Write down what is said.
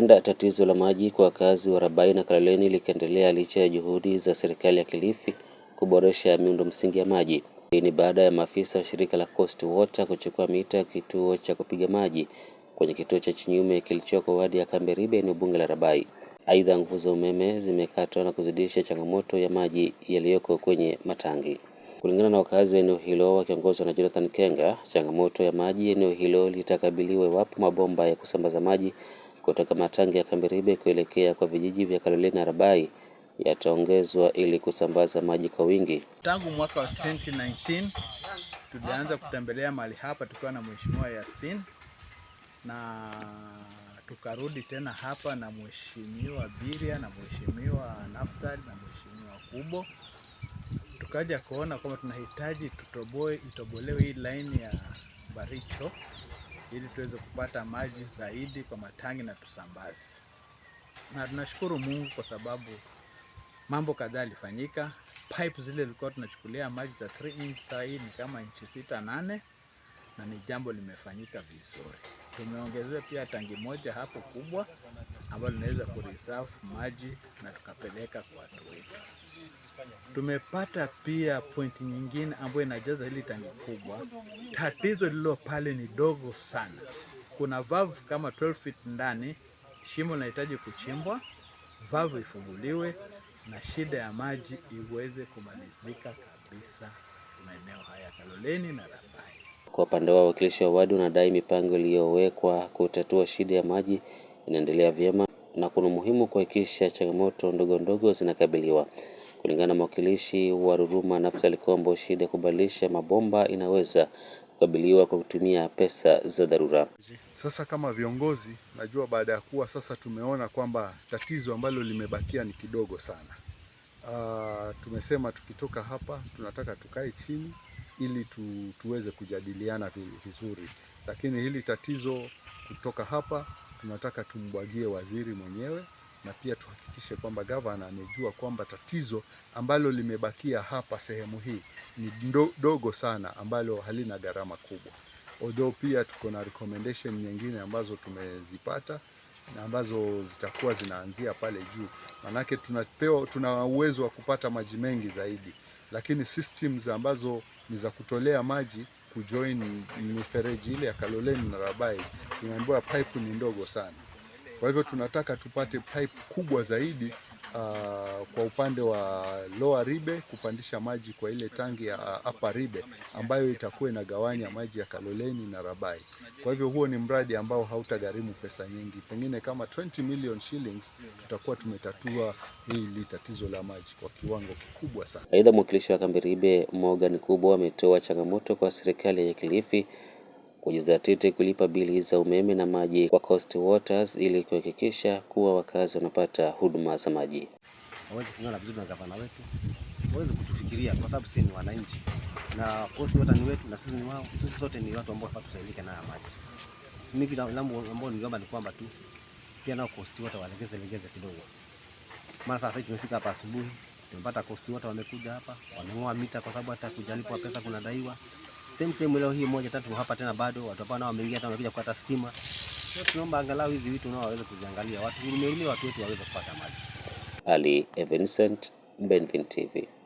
Huenda tatizo la maji kwa wakazi wa Rabai na Kaloleni likaendelea licha ya juhudi za serikali ya Kilifi kuboresha miundo msingi ya maji. Hii ni baada ya maafisa wa shirika la Coast Water kuchukua mita ya kituo cha kupiga maji kwenye kituo cha Chinyume kilichoko wadi ya Kamberibe, eneo bunge la Rabai. Aidha, nguvu za umeme zimekatwa na kuzidisha changamoto ya maji yaliyoko kwenye matangi. Kulingana na wakazi wa eneo hilo wakiongozwa na Jonathan Kenga, changamoto ya maji eneo hilo litakabiliwa iwapo mabomba ya kusambaza maji kutoka matangi ya Kambiribe kuelekea kwa vijiji vya Kaloleni na Rabai yataongezwa ili kusambaza maji kwa wingi. Tangu mwaka wa 2019 tulianza kutembelea mahali hapa tukiwa na Mheshimiwa Yasin na tukarudi tena hapa na Mheshimiwa Biria na Mheshimiwa Naftali na Mheshimiwa Kubo, tukaja kuona kwamba tunahitaji tutoboe itobolewe hii laini ya Baricho ili tuweze kupata maji zaidi kwa matangi na tusambaze. Na tunashukuru Mungu kwa sababu mambo kadhaa yalifanyika. Pipe zile zilikuwa tunachukulia maji za 3 inch, saa hii ni kama inchi sita nane, na ni jambo limefanyika vizuri. Tumeongezewa pia tangi moja hapo kubwa ambalo linaweza kureserve maji na tukapeleka kwa watu wetu. Tumepata pia pointi nyingine ambayo inajaza hili tangi kubwa. Tatizo lililo pale ni dogo sana, kuna valve kama 12 feet ndani, shimo linahitaji kuchimbwa, valve ifunguliwe na shida ya maji iweze kumalizika kabisa maeneo haya Kaloleni na Rabai. Kwa upande wa wakilishi wa wadi wanadai mipango iliyowekwa kutatua shida ya maji inaendelea vyema na kuna umuhimu kuhakikisha changamoto ndogo ndogo zinakabiliwa. Kulingana na mwakilishi wa Ruruma Naftali Kombo, shida ya kubadilisha mabomba inaweza kukabiliwa kwa kutumia pesa za dharura. Sasa kama viongozi, najua baada ya kuwa sasa tumeona kwamba tatizo ambalo limebakia ni kidogo sana. Uh, tumesema tukitoka hapa tunataka tukae chini ili tu, tuweze kujadiliana vizuri, lakini hili tatizo kutoka hapa tunataka tumbwagie waziri mwenyewe na pia tuhakikishe kwamba gavana amejua kwamba tatizo ambalo limebakia hapa sehemu hii ni dogo sana, ambalo halina gharama kubwa. Although pia tuko na recommendation nyingine ambazo tumezipata na ambazo zitakuwa zinaanzia pale juu, manake tunapewa, tuna uwezo wa kupata maji mengi zaidi, lakini systems ambazo ni za kutolea maji kujoin mifereji ile ya Kaloleni na Rabai, tumeambiwa pipe ni ndogo sana. Kwa hivyo tunataka tupate pipe kubwa zaidi uh, kwa upande wa Lower Ribe kupandisha maji kwa ile tangi ya Upper Ribe ambayo itakuwa inagawanya maji ya Kaloleni na Rabai. Kwa hivyo huo ni mradi ambao hautagharimu pesa nyingi, pengine kama 20 million shillings tutakuwa tumetatua hili tatizo la maji kwa kiwango kikubwa sana. Aidha, mwakilishi wa kambi Ribe Morgan Kubwa ametoa changamoto kwa serikali ya Kilifi kujizatiti kulipa bili za umeme na maji kwa Coast Waters ili kuhakikisha kuwa wakazi wanapata huduma za maji. Hawezi kuungana vizuri na gavana wetu, hawezi kutufikiria kwa sababu sisi ni wananchi na Coast Waters ni wetu na sisi ni wao. Sisi sote ni watu ambao wanafaa tusaidike na maji. Mimi kilambo ambao niliomba ni kwamba tu pia nao Coast Waters walegeze legeze kidogo, maana sasa hivi tumefika hapa asubuhi tumepata Coast Waters wamekuja hapa, wanang'oa mita kwa sababu hata kujalipwa pesa kunadaiwa same same leo hii moja tatu hapa tena bado watu hapa nao wameingia hata wamekuja kupata stima. Sasa tunaomba angalau hivi vitu nao waweze kuziangalia watu, wengine watu wetu waweze kupata maji. Ali evincent Benvin TV.